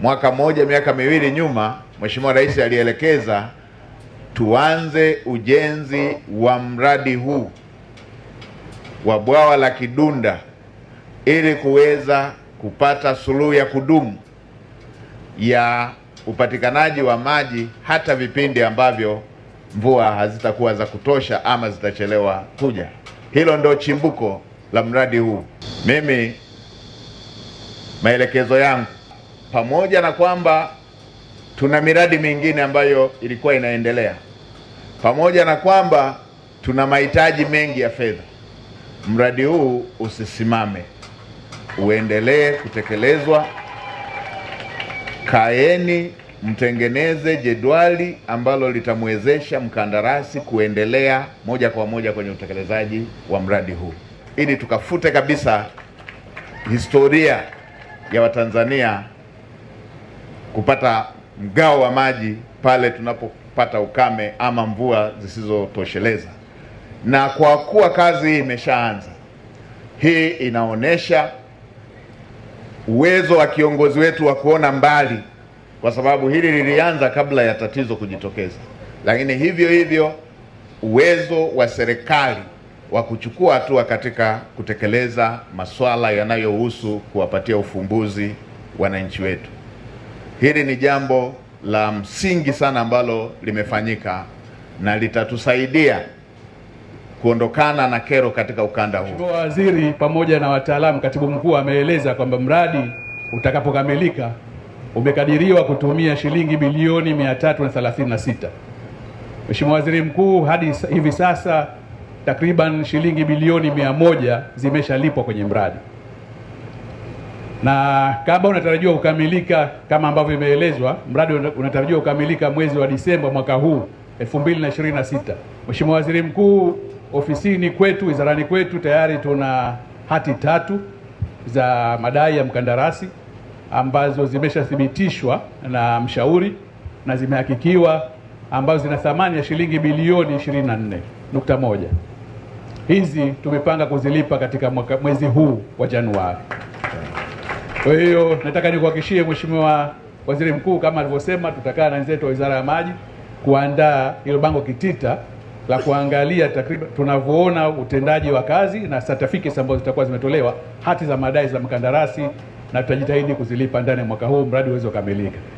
Mwaka mmoja miaka miwili nyuma, Mheshimiwa Rais alielekeza tuanze ujenzi wa mradi huu wa bwawa la Kidunda ili kuweza kupata suluhu ya kudumu ya upatikanaji wa maji hata vipindi ambavyo mvua hazitakuwa za kutosha ama zitachelewa kuja. Hilo ndio chimbuko la mradi huu. Mimi maelekezo yangu pamoja na kwamba tuna miradi mingine ambayo ilikuwa inaendelea, pamoja na kwamba tuna mahitaji mengi ya fedha, mradi huu usisimame, uendelee kutekelezwa. Kaeni mtengeneze jedwali ambalo litamwezesha mkandarasi kuendelea moja kwa moja kwenye utekelezaji wa mradi huu ili tukafute kabisa historia ya Watanzania kupata mgao wa maji pale tunapopata ukame ama mvua zisizotosheleza. Na kwa kuwa kazi hii imeshaanza, hii inaonyesha uwezo wa kiongozi wetu wa kuona mbali, kwa sababu hili lilianza kabla ya tatizo kujitokeza. Lakini hivyo hivyo uwezo wa serikali wa kuchukua hatua katika kutekeleza masuala yanayohusu kuwapatia ufumbuzi wananchi wetu. Hili ni jambo la msingi sana ambalo limefanyika na litatusaidia kuondokana na kero katika ukanda huu. Mheshimiwa Waziri pamoja na wataalamu, Katibu Mkuu ameeleza kwamba mradi utakapokamilika umekadiriwa kutumia shilingi bilioni 336. Mheshimiwa Waziri Mkuu, hadi hivi sasa takriban shilingi bilioni mia moja zimeshalipwa kwenye mradi na kama unatarajiwa kukamilika kama ambavyo imeelezwa, mradi unatarajiwa kukamilika mwezi wa Disemba mwaka huu 2026. Mheshimiwa Waziri Mkuu, ofisini kwetu, wizarani kwetu tayari tuna hati tatu za madai ya mkandarasi ambazo zimeshathibitishwa na mshauri na zimehakikiwa ambazo zina thamani ya shilingi bilioni 24.1. Hizi tumepanga kuzilipa katika mwezi huu wa Januari. Kwa hiyo nataka nikuhakikishie Mheshimiwa Waziri Mkuu, kama alivyosema, tutakaa na wenzetu wa Wizara ya Maji kuandaa hilo bango kitita la kuangalia takriban tunavyoona utendaji wa kazi na certificates ambazo zitakuwa zimetolewa, hati za madai za mkandarasi, na tutajitahidi kuzilipa ndani ya mwaka huu mradi uweze kukamilika.